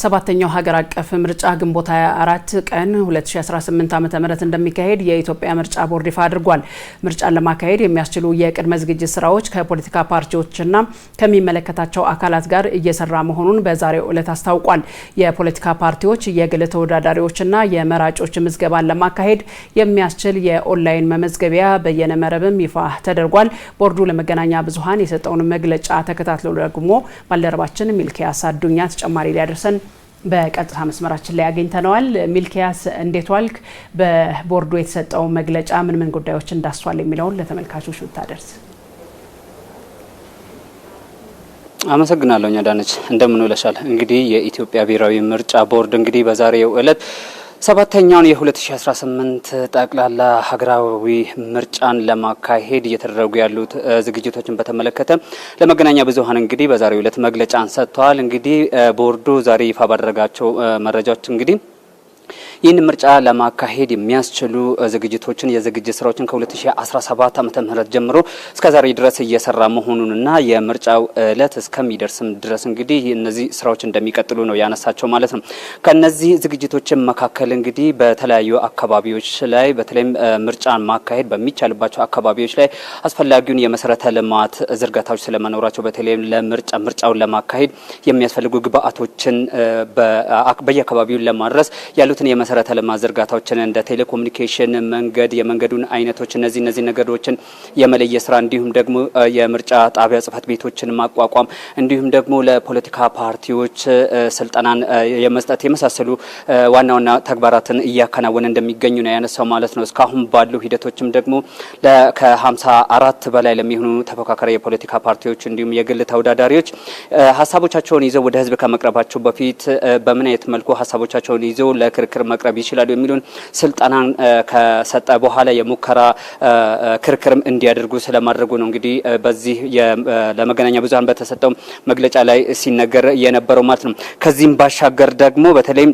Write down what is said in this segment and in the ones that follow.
ሰባተኛው ሀገር አቀፍ ምርጫ ግንቦት 24 ቀን 2018 ዓ ም እንደሚካሄድ የኢትዮጵያ ምርጫ ቦርድ ይፋ አድርጓል። ምርጫን ለማካሄድ የሚያስችሉ የቅድመ ዝግጅት ስራዎች ከፖለቲካ ፓርቲዎችና ከሚመለከታቸው አካላት ጋር እየሰራ መሆኑን በዛሬው ዕለት አስታውቋል። የፖለቲካ ፓርቲዎች፣ የግል ተወዳዳሪዎችና የመራጮች ምዝገባን ለማካሄድ የሚያስችል የኦንላይን መመዝገቢያ በየነ መረብም ይፋ ተደርጓል። ቦርዱ ለመገናኛ ብዙሀን የሰጠውን መግለጫ ተከታትሎ ደግሞ ባልደረባችን ሚልኪያስ አዱኛ ተጨማሪ ሊያደርሰን በቀጥታ መስመራችን ላይ አግኝተነዋል። ሚልኪያስ እንዴት ዋልክ? በቦርዱ የተሰጠው መግለጫ ምን ምን ጉዳዮች እንዳስቷል የሚለውን ለተመልካቾች ብታደርስ። አመሰግናለሁ ኛ ዳነች እንደምን ውለሻል። እንግዲህ የኢትዮጵያ ብሔራዊ ምርጫ ቦርድ እንግዲህ በዛሬው ዕለት ሰባተኛውን የ2018 ጠቅላላ ሀገራዊ ምርጫን ለማካሄድ እየተደረጉ ያሉት ዝግጅቶችን በተመለከተ ለመገናኛ ብዙኃን እንግዲህ በዛሬው ዕለት መግለጫን ሰጥተዋል። እንግዲህ ቦርዱ ዛሬ ይፋ ባደረጋቸው መረጃዎች እንግዲህ ይህን ምርጫ ለማካሄድ የሚያስችሉ ዝግጅቶችን የዝግጅት ስራዎችን ከ2017 ዓ ምህረት ጀምሮ እስከ ዛሬ ድረስ እየሰራ መሆኑንና የምርጫው እለት እስከሚደርስም ድረስ እንግዲህ እነዚህ ስራዎች እንደሚቀጥሉ ነው ያነሳቸው ማለት ነው። ከነዚህ ዝግጅቶችን መካከል እንግዲህ በተለያዩ አካባቢዎች ላይ በተለይም ምርጫን ማካሄድ በሚቻልባቸው አካባቢዎች ላይ አስፈላጊውን የመሰረተ ልማት ዝርጋታዎች ስለመኖራቸው በተለይም ለምርጫ ምርጫውን ለማካሄድ የሚያስፈልጉ ግብአቶችን በየአካባቢውን ለማድረስ ያሉትን የመሰረ መሰረተ ልማት ዝርጋታዎችን እንደ ቴሌኮሙኒኬሽን መንገድ፣ የመንገዱን አይነቶች እነዚህ እነዚህ ነገዶችን የመለየ ስራ እንዲሁም ደግሞ የምርጫ ጣቢያ ጽህፈት ቤቶችን ማቋቋም እንዲሁም ደግሞ ለፖለቲካ ፓርቲዎች ስልጠናን የመስጠት የመሳሰሉ ዋና ዋና ተግባራትን እያከናወነ እንደሚገኙ ነው ያነሳው ማለት ነው። እስካሁን ባሉ ሂደቶችም ደግሞ ከሀምሳ አራት በላይ ለሚሆኑ ተፎካካሪ የፖለቲካ ፓርቲዎች እንዲሁም የግል ተወዳዳሪዎች ሀሳቦቻቸውን ይዘው ወደ ህዝብ ከመቅረባቸው በፊት በምን አይነት መልኩ ሀሳቦቻቸውን ይዘው ለክርክር መቅረብ ይችላሉ የሚሉን ስልጠና ከሰጠ በኋላ የሙከራ ክርክርም እንዲያደርጉ ስለማድረጉ ነው እንግዲህ በዚህ ለመገናኛ ብዙሃን በተሰጠው መግለጫ ላይ ሲነገር የነበረው ማለት ነው። ከዚህም ባሻገር ደግሞ በተለይም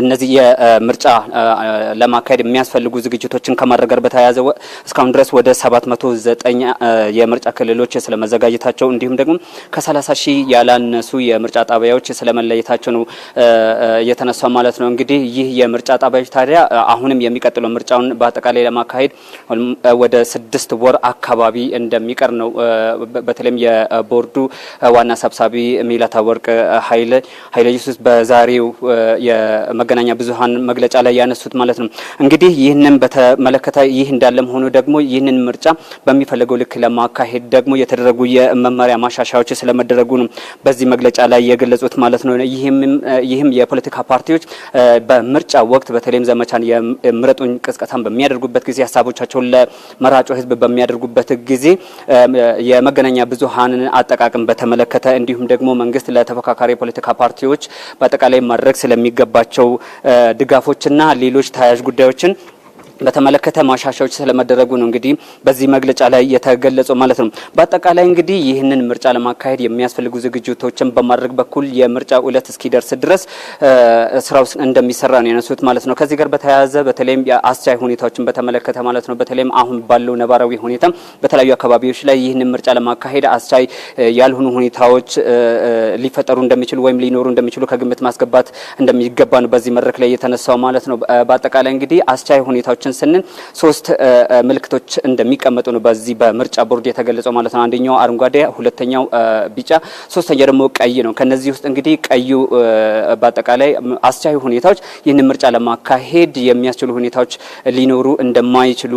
እነዚህ የምርጫ ለማካሄድ የሚያስፈልጉ ዝግጅቶችን ከማድረግ ጋር በተያያዘ እስካሁን ድረስ ወደ 709 የምርጫ ክልሎች ስለመዘጋጀታቸው እንዲሁም ደግሞ ከ30 ሺህ ያላነሱ የምርጫ ጣቢያዎች ስለመለየታቸው ነው እየተነሳ ማለት ነው። እንግዲህ ይህ የምርጫ ጣቢያዎች ታዲያ አሁንም የሚቀጥለው ምርጫውን በአጠቃላይ ለማካሄድ ወደ ስድስት ወር አካባቢ እንደሚቀር ነው በተለይም የቦርዱ ዋና ሰብሳቢ ሚላታ ወርቅ ኃይለ ኢየሱስ በዛሬው መገናኛ ብዙሃን መግለጫ ላይ ያነሱት ማለት ነው። እንግዲህ ይህንን በተመለከተ ይህ እንዳለም ሆኖ ደግሞ ይህንን ምርጫ በሚፈለገው ልክ ለማካሄድ ደግሞ የተደረጉ የመመሪያ ማሻሻያዎች ስለመደረጉ ነው በዚህ መግለጫ ላይ የገለጹት ማለት ነው። ይህም የፖለቲካ ፓርቲዎች በምርጫ ወቅት በተለይም ዘመቻን የምረጡኝ ቅስቀሳን በሚያደርጉበት ጊዜ ሀሳቦቻቸውን ለመራጩ ህዝብ በሚያደርጉበት ጊዜ የመገናኛ ብዙሃንን አጠቃቅም በተመለከተ እንዲሁም ደግሞ መንግስት ለተፎካካሪ የፖለቲካ ፓርቲዎች በአጠቃላይ ማድረግ ስለሚገባቸው ድጋፎችና ሌሎች ተያያዥ ጉዳዮችን በተመለከተ ማሻሻዎች ስለመደረጉ ነው እንግዲህ በዚህ መግለጫ ላይ የተገለጸው ማለት ነው። በአጠቃላይ እንግዲህ ይህንን ምርጫ ለማካሄድ የሚያስፈልጉ ዝግጅቶችን በማድረግ በኩል የምርጫ ዕለት እስኪደርስ ድረስ ስራው እንደሚሰራ ነው የነሱት ማለት ነው። ከዚህ ጋር በተያያዘ በተለይም የአስቻይ ሁኔታዎችን በተመለከተ ማለት ነው በተለይም አሁን ባለው ነባራዊ ሁኔታ በተለያዩ አካባቢዎች ላይ ይህንን ምርጫ ለማካሄድ አስቻይ ያልሆኑ ሁኔታዎች ሊፈጠሩ እንደሚችሉ ወይም ሊኖሩ እንደሚችሉ ከግምት ማስገባት እንደሚገባ ነው በዚህ መድረክ ላይ የተነሳው ማለት ነው። በአጠቃላይ እንግዲህ አስቻይ ሁኔታዎች ምልክቶችን ስንል ሶስት ምልክቶች እንደሚቀመጡ ነው በዚህ በምርጫ ቦርድ የተገለጸው ማለት ነው። አንደኛው አረንጓዴ፣ ሁለተኛው ቢጫ፣ ሶስተኛው ደግሞ ቀይ ነው። ከነዚህ ውስጥ እንግዲህ ቀዩ በአጠቃላይ አስቻይ ሁኔታዎች ይህንን ምርጫ ለማካሄድ የሚያስችሉ ሁኔታዎች ሊኖሩ እንደማይችሉ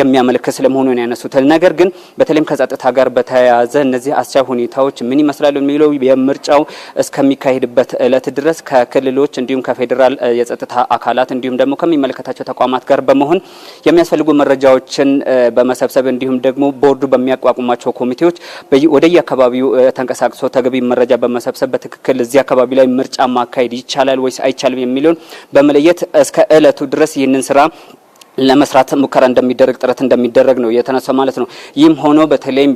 የሚያመለክት ስለመሆኑ ነው ያነሱት። ነገር ግን በተለይም ከጸጥታ ጋር በተያያዘ እነዚህ አስቻይ ሁኔታዎች ምን ይመስላሉ የሚለው የምርጫው እስከሚካሄድበት እለት ድረስ ከክልሎች እንዲሁም ከፌዴራል የጸጥታ አካላት እንዲሁም ደግሞ ከሚመለከታቸው ተቋማት ጋር በመሆን የሚያስፈልጉ መረጃዎችን በመሰብሰብ እንዲሁም ደግሞ ቦርዱ በሚያቋቁማቸው ኮሚቴዎች ወደየ አካባቢው ተንቀሳቅሶ ተገቢ መረጃ በመሰብሰብ በትክክል እዚህ አካባቢ ላይ ምርጫ ማካሄድ ይቻላል ወይስ አይቻልም የሚለውን በመለየት እስከ እለቱ ድረስ ይህንን ስራ ለመስራት ሙከራ እንደሚደረግ ጥረት እንደሚደረግ ነው የተነሳው ማለት ነው። ይህም ሆኖ በተለይም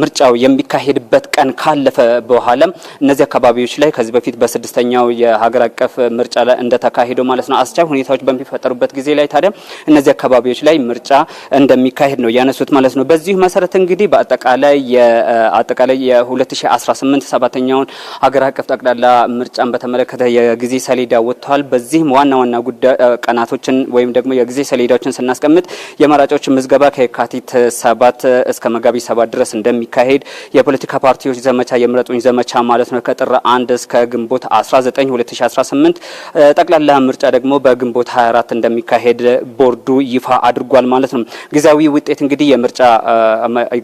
ምርጫው የሚካሄድበት ቀን ካለፈ በኋላም እነዚህ አካባቢዎች ላይ ከዚህ በፊት በስድስተኛው የሀገር አቀፍ ምርጫ ላይ እንደተካሄደው ማለት ነው አስቻይ ሁኔታዎች በሚፈጠሩበት ጊዜ ላይ ታዲያ እነዚህ አካባቢዎች ላይ ምርጫ እንደሚካሄድ ነው ያነሱት ማለት ነው። በዚሁ መሰረት እንግዲህ በአጠቃላይ አጠቃላይ የ2018 ሰባተኛውን ሀገር አቀፍ ጠቅላላ ምርጫን በተመለከተ የጊዜ ሰሌዳ ወጥተዋል። በዚህም ዋና ዋና ጉዳይ ቀናቶችን ወይም ደግሞ የጊዜ ሰሌዳዎችን ስናስቀምጥ የመራጮች ምዝገባ ከየካቲት ሰባት እስከ መጋቢት ሰባት ድረስ እንደሚካሄድ የፖለቲካ ፓርቲዎች ዘመቻ የምረጡኝ ዘመቻ ማለት ነው ከጥር አንድ እስከ ግንቦት 19 2018 ጠቅላላ ምርጫ ደግሞ በግንቦት 24 እንደሚካሄድ ቦርዱ ይፋ አድርጓል ማለት ነው። ጊዜያዊ ውጤት እንግዲህ የምርጫ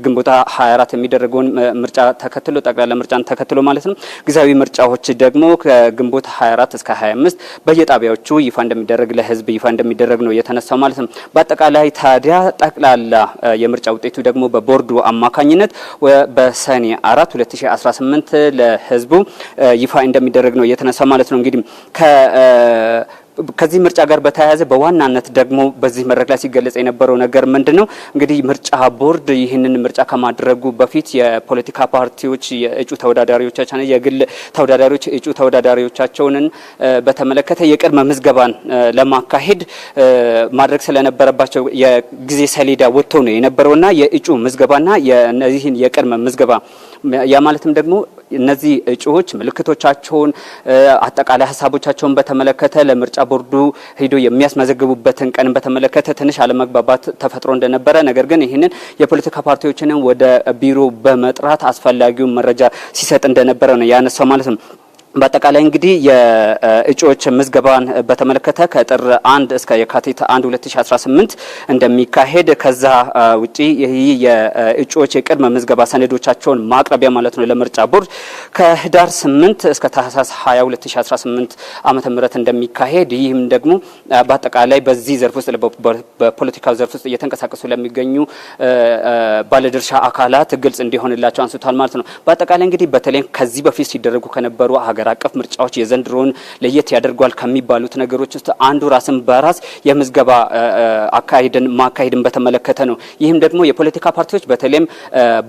ግንቦት 24 የሚደረገውን ምርጫ ተከትሎ ጠቅላላ ምርጫን ተከትሎ ማለት ነው። ጊዜያዊ ምርጫዎች ደግሞ ከግንቦት 24 እስከ 25 በየጣቢያዎቹ ይፋ እንደሚደረግ ለህዝብ ይፋ እንደሚደረግ ነው የተነሳው ማለት ነው። በአጠቃላይ ታዲያ ጠቅላላ የምርጫ ውጤቱ ደግሞ በቦርዱ አማካኝነት በሰኔ አራት 2018 ለህዝቡ ይፋ እንደሚደረግ ነው የተነሳው ማለት ነው እንግዲህ ከዚህ ምርጫ ጋር በተያያዘ በዋናነት ደግሞ በዚህ መድረክ ላይ ሲገለጽ የነበረው ነገር ምንድን ነው? እንግዲህ ምርጫ ቦርድ ይህንን ምርጫ ከማድረጉ በፊት የፖለቲካ ፓርቲዎች የእጩ ተወዳዳሪዎቻቸውን የግል ተወዳዳሪዎች እጩ ተወዳዳሪዎቻቸውን በተመለከተ የቅድመ ምዝገባን ለማካሄድ ማድረግ ስለነበረባቸው የጊዜ ሰሌዳ ወጥቶ ነው የነበረውና የእጩ ምዝገባና የነዚህን የቅድመ ምዝገባ ያ ማለትም ደግሞ እነዚህ እጩዎች ምልክቶቻቸውን አጠቃላይ ሀሳቦቻቸውን በተመለከተ ለምርጫ ቦርዱ ሄዶ የሚያስመዘግቡበትን ቀን በተመለከተ ትንሽ አለመግባባት ተፈጥሮ እንደነበረ፣ ነገር ግን ይህንን የፖለቲካ ፓርቲዎችንም ወደ ቢሮ በመጥራት አስፈላጊውን መረጃ ሲሰጥ እንደነበረ ነው ያነሳው ማለት ነው። በአጠቃላይ እንግዲህ የእጩዎች ምዝገባን በተመለከተ ከጥር አንድ እስከ የካቲት አንድ 2018 እንደሚካሄድ ከዛ ውጪ ይህ የእጩዎች የቅድመ ምዝገባ ሰነዶቻቸውን ማቅረቢያ ማለት ነው ለምርጫ ቦርድ ከህዳር 8 እስከ ታህሳስ 20 2018 ዓመተ ምህረት እንደሚካሄድ ይህም ደግሞ በአጠቃላይ በዚህ ዘርፍ ውስጥ በፖለቲካው ዘርፍ ውስጥ እየተንቀሳቀሱ ለሚገኙ ባለድርሻ አካላት ግልጽ እንዲሆንላቸው አንስቷል ማለት ነው። በአጠቃላይ እንግዲህ በተለይም ከዚህ በፊት ሲደረጉ ከነበሩ ሀገር ሀገር አቀፍ ምርጫዎች የዘንድሮን ለየት ያደርጓል ከሚባሉት ነገሮች ውስጥ አንዱ ራስን በራስ የምዝገባ አካሄድን ማካሄድን በተመለከተ ነው። ይህም ደግሞ የፖለቲካ ፓርቲዎች በተለይም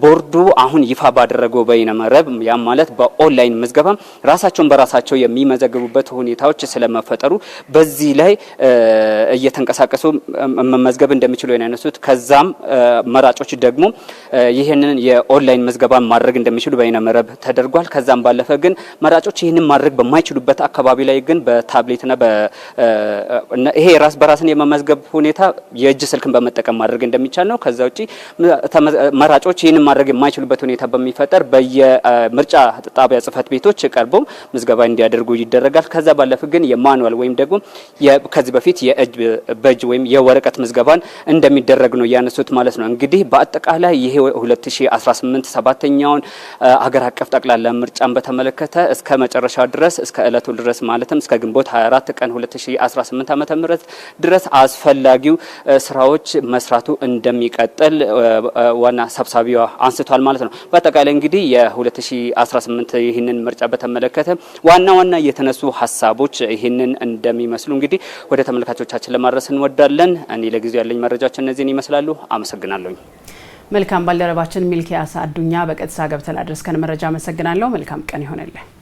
ቦርዱ አሁን ይፋ ባደረገው በይነመረብ ያም ማለት በኦንላይን ምዝገባ ራሳቸውን በራሳቸው የሚመዘገቡበት ሁኔታዎች ስለመፈጠሩ በዚህ ላይ እየተንቀሳቀሱ መመዝገብ እንደሚችሉ ያነሱት። ከዛም መራጮች ደግሞ ይህንን የኦንላይን ምዝገባ ማድረግ እንደሚችሉ በይነመረብ ተደርጓል። ከዛም ባለፈ ግን መራጮች ይህንን ማድረግ በማይችሉበት አካባቢ ላይ ግን በታብሌትና ይሄ ራስ በራስን የመመዝገብ ሁኔታ የእጅ ስልክን በመጠቀም ማድረግ እንደሚቻል ነው። ከዛ ውጪ መራጮች ይህንን ማድረግ የማይችሉበት ሁኔታ በሚፈጠር በየምርጫ ጣቢያ ጽህፈት ቤቶች ቀርቦ ምዝገባ እንዲያደርጉ ይደረጋል። ከዛ ባለፈ ግን የማኑዋል ወይም ደግሞ ከዚህ በፊት በእጅ ወይም የወረቀት ምዝገባን እንደሚደረግ ነው ያነሱት ማለት ነው። እንግዲህ በአጠቃላይ ይሄ 2018 ሰባተኛውን አገር አቀፍ ጠቅላላ ምርጫን በተመለከተ እስከ መጨረሻ ድረስ እስከ እለቱ ድረስ ማለትም እስከ ግንቦት 24 ቀን 2018 ዓ ም ድረስ አስፈላጊው ስራዎች መስራቱ እንደሚቀጥል ዋና ሰብሳቢዋ አንስቷል ማለት ነው። በአጠቃላይ እንግዲህ የ2018 ይህንን ምርጫ በተመለከተ ዋና ዋና የተነሱ ሀሳቦች ይህንን እንደሚመስሉ እንግዲህ ወደ ተመልካቾቻችን ለማድረስ እንወዳለን። እኔ ለጊዜው ያለኝ መረጃዎች እነዚህን ይመስላሉ። አመሰግናለሁኝ። መልካም ባልደረባችን ሚልኪያስ አዱኛ በቀጥታ ገብተን አድረስከን መረጃ አመሰግናለሁ። መልካም ቀን ይሆንልን።